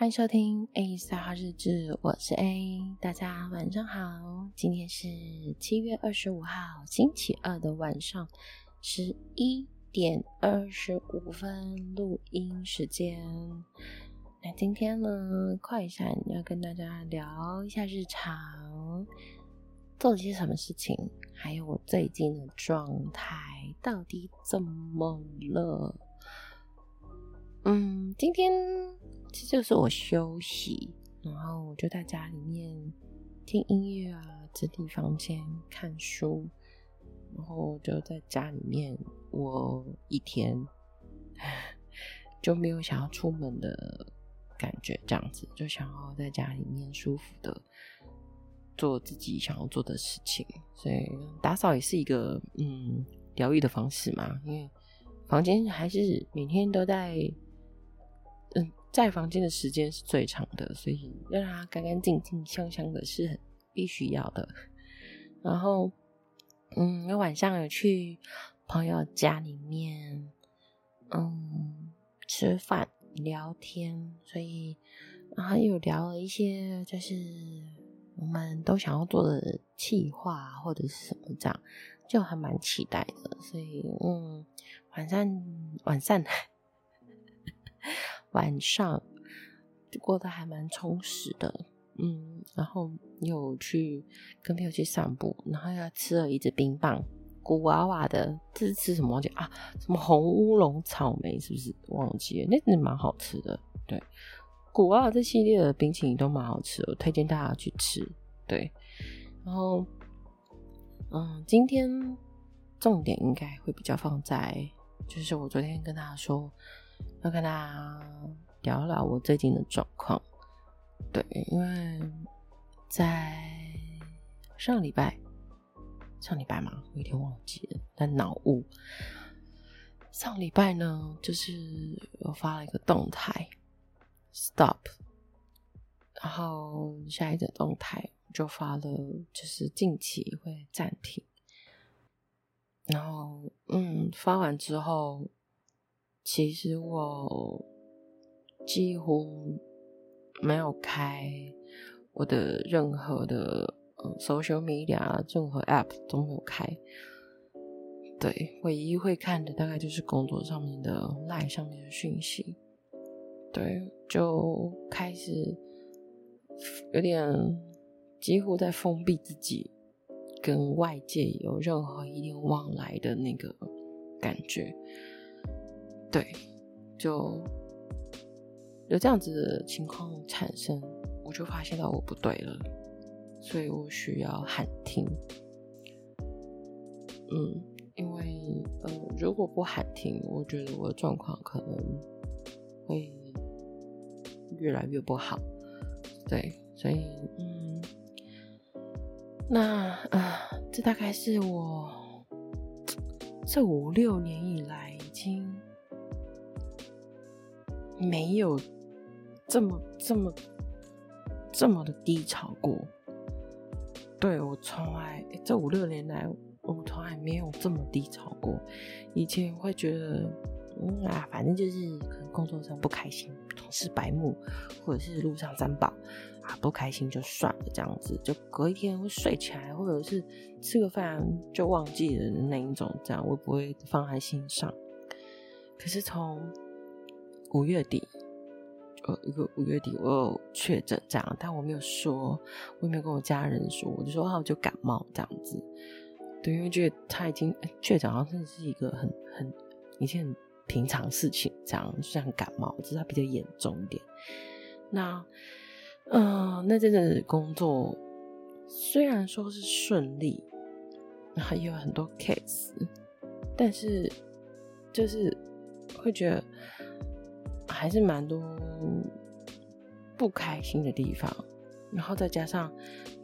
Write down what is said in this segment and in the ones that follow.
歡迎收聽 AAS 對話日誌，我是 A，大家晚上好。今天是七月二十五號星期二的晚上十一點二十五分，錄音時間。那今天呢，快閃要跟大家聊一下日常，做了些什麼事情，還有我最近的狀態到底怎麼了。嗯，今天其實就是我休息，然後我就在家裡面聽音樂啊，整理房間，看書，然後就在家裡面窩一天，就沒有想要出門的感覺，這樣子就想要在家裡面舒服的做自己想要做的事情，所以打掃也是一個嗯療癒的方式嘛，因為房間還是每天都在。在房間的時間是最長的，所以讓它乾干淨淨、香香的是很必須要的。然後，嗯，因為晚上有去朋友家裡面，嗯，吃飯聊天，所以然後又聊了一些，就是我們都想要做的企劃或者是什麼這樣，就還蠻期待的。所以，嗯，晚上晚上。晚上就過得還蠻充實的，嗯，然後又去跟朋友去散步，然後要吃了一隻冰棒，古娃娃的，這是吃什麼？東西啊，什麼紅烏龍草莓，是不是忘記了？那真的蠻好吃的，對，古娃娃這系列的冰淇淋都蠻好吃，我推薦大家去吃。對，然後嗯，今天重點應該會比較放在，就是我昨天跟大家說。要跟大家聊聊我最近的狀況。對，因為在上禮拜，上禮拜嘛，我有點忘記了，但腦霧。上禮拜呢，就是我發了一個動態，stop。然後下一個動態就發了，就是近期會暫停。然後，嗯，發完之後。其實我幾乎沒有開我的任何的嗯 social media，任何 app 都沒有開。對，唯一會看的大概就是工作上面的 line 上面的訊息。對，就開始有點幾乎在封閉自己，跟外界有任何一點往來的那個感覺。對，就有這樣子的情況產生，我就發現到我不對了，所以我需要喊停。嗯，因為呃、嗯，如果不喊停，我覺得我的狀況可能會越來越不好。對，所以嗯，那啊，這大概是我這五六年以來已經沒有這麼這麼這麼的低潮過，對，我從來，這五六年來，我從來沒有這麼低潮過。以前會覺得，嗯啊，反正就是可能工作上不開心，總是白目，或者是路上三寶啊，不開心就算了，這樣子就隔一天會睡起來，或者是吃個飯就忘記了的那一種，這樣我不會放在心上。可是從五月底，呃、哦，一個五月底我有確診這樣，但我沒有說，我也沒有跟我家人說，我就說啊，我就感冒這樣子。對，因為覺得他已經確診，好像是一個很很一件平常事情，這樣雖然感冒，只是他比較嚴重一點。那，嗯、呃，那這個工作雖然說是順利，還有很多 case，但是就是會覺得。還是蠻多不開心的地方，然後再加上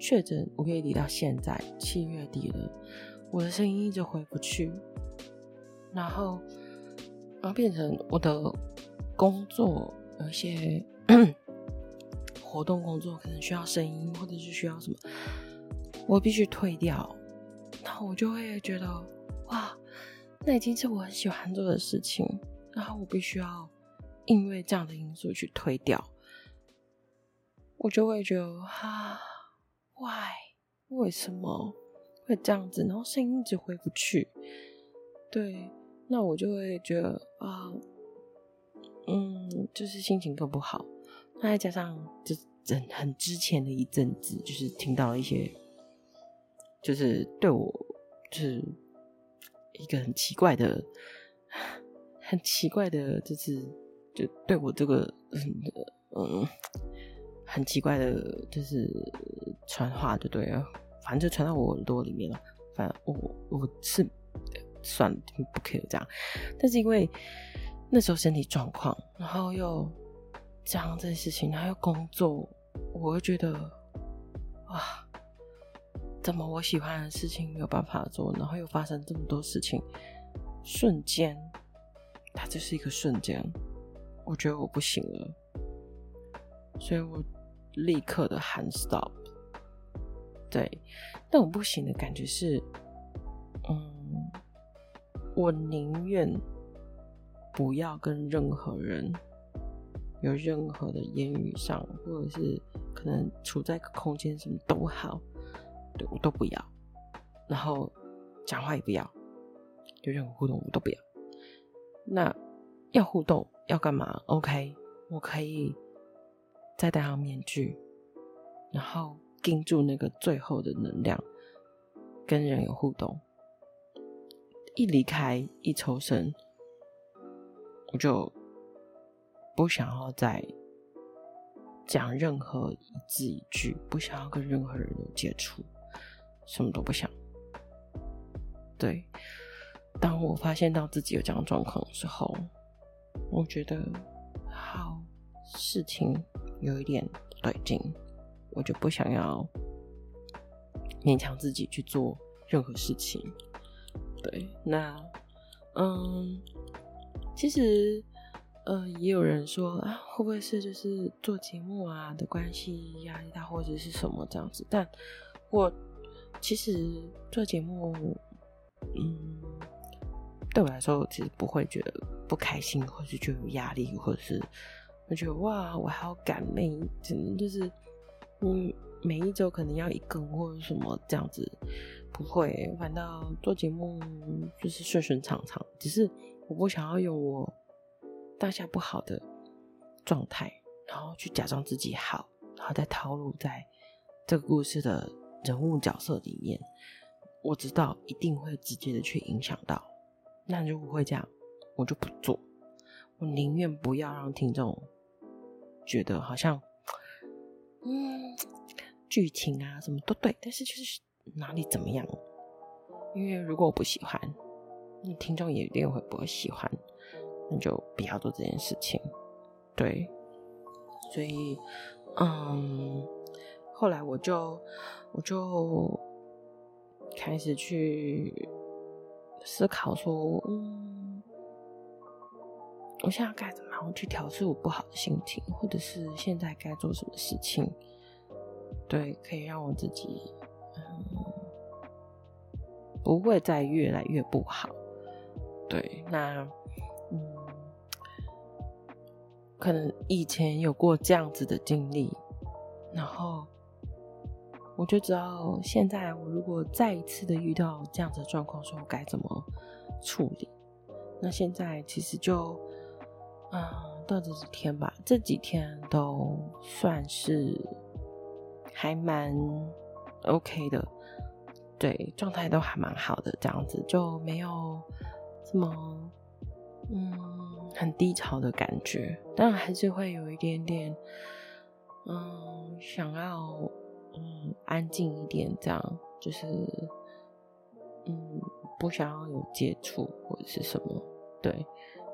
確診五月底到現在七月底了，我的聲音一直回不去，然後然後變成我的工作有一些 活動，工作可能需要聲音或者是需要什麼，我必須退掉，然後我就會覺得哇，那已經是我很喜歡做的事情，然後我必須要。因為這樣的因素去推掉，我就會覺得啊，Why？為什麼會這樣子？然後聲音一直回不去，對，那我就會覺得啊，嗯，就是心情更不好。那再加上就，就是很之前的一陣子，就是聽到一些，就是對我就是一個很奇怪的，很奇怪的，就是。就對我這個，嗯，嗯，很奇怪的，就是傳話，對不對啊？反正就傳到我耳朵裡面了。反正我我是算了，不可以這樣。但是因為那時候身體狀況，然後又講這件事情，然後又工作，我會覺得，哇，怎麼我喜歡的事情沒有辦法做？然後又發生這麼多事情，瞬間，它就是一個瞬間。我覺得我不行了，所以我立刻的喊 stop。對，但我不行的感覺是，嗯，我寧願不要跟任何人有任何的言語上，或者是可能處在一個空間什麼都好，對，我都不要，然後講話也不要，有任何互動我都不要。那要互動。要幹嘛？OK，我可以再戴上面具，然後盯住那個最後的能量，跟人有互動。一離開，一抽身，我就不想要再講任何一字一句，不想要跟任何人有接觸，什麼都不想。對，當我發現到自己有這樣的狀況的時候，我覺得好事情有一點不對勁，我就不想要勉強自己去做任何事情。對，那嗯，其實呃，也有人說啊，會不會是就是做節目啊的關係，壓力大或者是什麼這樣子？但我其實做節目，嗯，對我來說，我其實不會覺得。不開心，或是就有壓力，或者是我覺得哇，我還要趕，真的就是嗯，每一周可能要一更，或者什麼這樣子。不會，反倒做節目就是順順暢暢。只是我不想要有我當下不好的狀態，然後去假裝自己好，然後再套入在這個故事的人物角色裡面。我知道一定會直接的去影響到，那你就不會這樣。我就不做，我寧願不要讓聽眾覺得好像，嗯，劇情啊什麼都對，但是就是哪裡怎麼樣，因為如果我不喜歡，那聽眾也一定會不會喜歡，那就不要做這件事情。對，所以，嗯，後來我就我就開始去思考說。嗯。我現在該怎麼樣去調適我不好的心情，或者是現在該做什麼事情？對，可以讓我自己、嗯，不會再越來越不好。對，那，嗯，可能以前有過這樣子的經歷，然後我就知道，現在我如果再一次的遇到這樣子的狀況，說我該怎麼處理？那現在其實就。嗯，到這幾天吧，這幾天都算是還蠻 OK 的，對，狀態都還蠻好的，這樣子就沒有這麼嗯很低潮的感覺，但還是會有一點點嗯想要嗯安靜一點，這樣就是嗯不想要有接觸或者是什麼，對，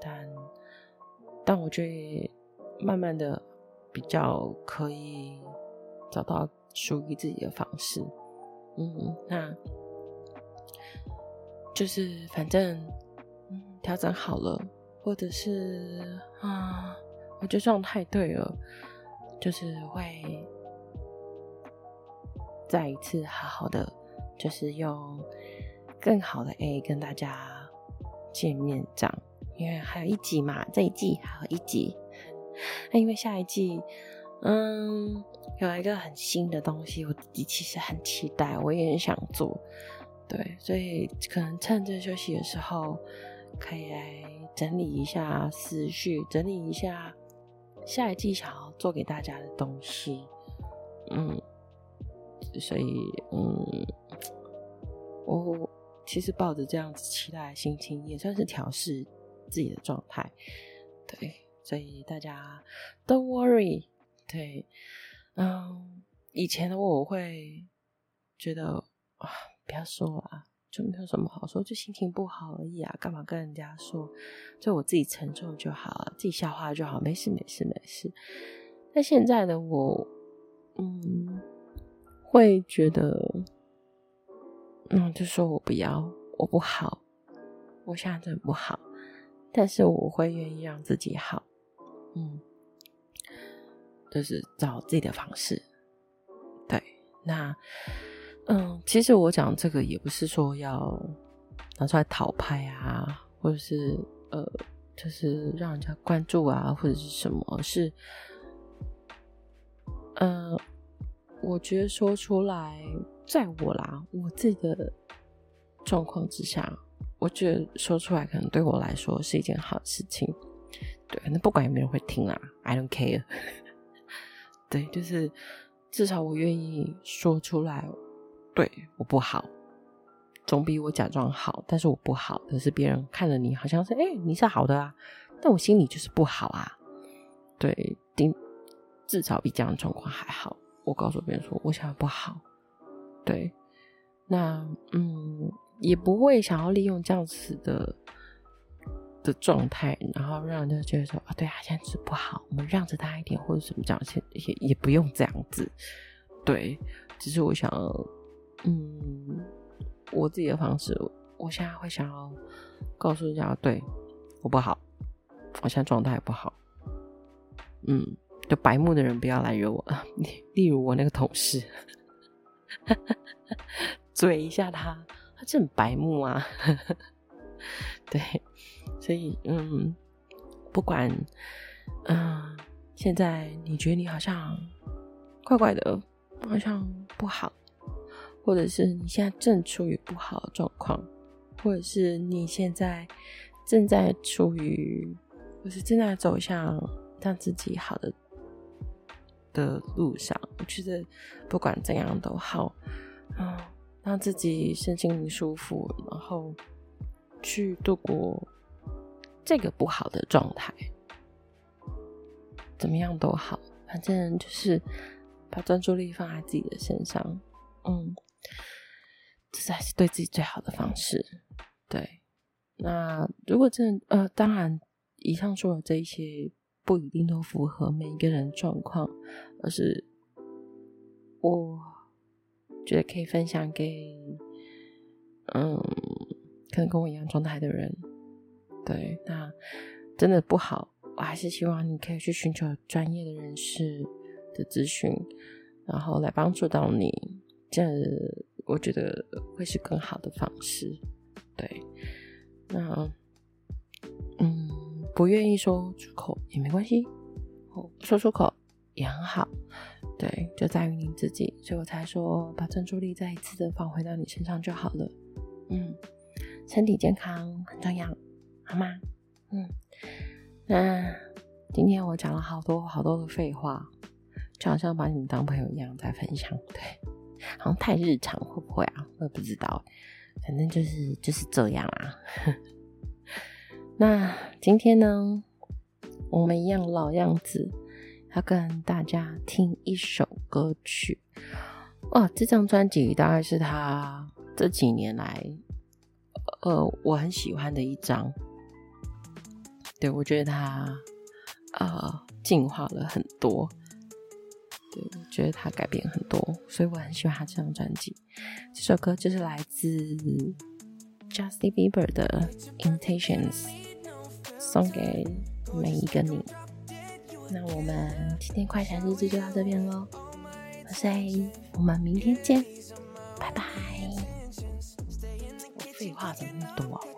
但。但我覺得，慢慢的比較可以找到屬於自己的方式。嗯，那就是反正嗯，調整好了，或者是啊，我覺得狀態對了，就是會再一次好好的，就是用更好的 A 跟大家見面這樣。因為還有一集嘛，這一季還有一集。因為下一季，嗯，有一個很新的東西，我自己其實很期待，我也很想做。對，所以可能趁着休息的時候，可以來整理一下思緒，整理一下下一季想要做給大家的東西。嗯，所以，嗯，我其實抱着這樣子期待的心情，也算是調試。自己的狀態，對，所以大家 don't worry，對，嗯，以前的我會覺得啊，不要說了啊，就沒有什麼好說，就心情不好而已啊，幹嘛跟人家說？就我自己承受就好，自己消化就好，沒事，沒事，沒事。但現在的我，嗯，會覺得，嗯，就說我不要，我不好，我現在真的不好。但是我會願意讓自己好，嗯，就是找自己的方式，對，那嗯，其實我講這個也不是說要拿出來討拍啊，或者是呃，就是讓人家關注啊，或者是什麼，是，嗯、呃，我覺得說出來，在我啦，我自己的狀況之下。我覺得說出來可能對我來說是一件好事情，對，那不管有沒有人會聽啊，I don't care。 對，就是至少我願意說出來，對，我不好，總比我假裝好。但是我不好，可是別人看着你好像是哎、欸、你是好的啊，但我心裡就是不好啊。對，頂至少比這樣狀況還好。我告訴別人說我想不好。對，那嗯。也不會想要利用這樣子的的狀態，然後讓人家覺得說啊，對啊，現在是不好，我們讓着他一點，或者什麼這樣，也也也不用這樣子。對，只是我想，嗯，我自己的方式，我，我現在會想要告訴人家，對，我不好，我現在狀態不好。嗯，就白目的人不要來惹我，例例如我那個同事， 嘴一下他。正白目啊，呵呵，對，所以嗯，不管嗯，現在你覺得你好像怪怪的，好像不好，或者是你現在正處於不好的狀況，或者是你現在正在處於，或是正在走向讓自己好的的路上，我覺得不管怎樣都好，嗯讓自己身心舒服，然後去度過這個不好的狀態，怎麼樣都好，反正就是把專注力放在自己的身上，嗯，這才是對自己最好的方式。對，那如果真的，呃，當然，以上說的這一些不一定都符合每一個人狀況，而是我。覺得可以分享給，嗯，可能跟我一樣狀態的人，對，那真的不好，我還是希望你可以去尋求專業的人士的諮詢，然後來幫助到你，這樣子我覺得會是更好的方式。對，那，嗯，不願意說出口也沒關係，說出口也很好，對，就在於你自己，所以我才說把專注力再一次的放回到你身上就好了。嗯，身體健康很重要，好嗎？嗯，那今天我講了好多好多的廢話，就好像把你們當朋友一樣在分享，對，好像太日常，會不會啊？我也不知道，反正就是就是這樣啊 那今天呢，我們一樣老樣子。要跟大家聽一首歌曲，哇！這張專輯大概是他這幾年來，呃，我很喜歡的一張。對，我覺得他啊，呃、進化了很多，對，我覺得他改變很多，所以我很喜歡他這張專輯。這首歌就是來自 Justin Bieber 的《Intentions》，送給每一個你。那我們今天快閃日誌就到這邊嘍，哇塞，我們明天見，拜拜。我廢話怎麼那麼多？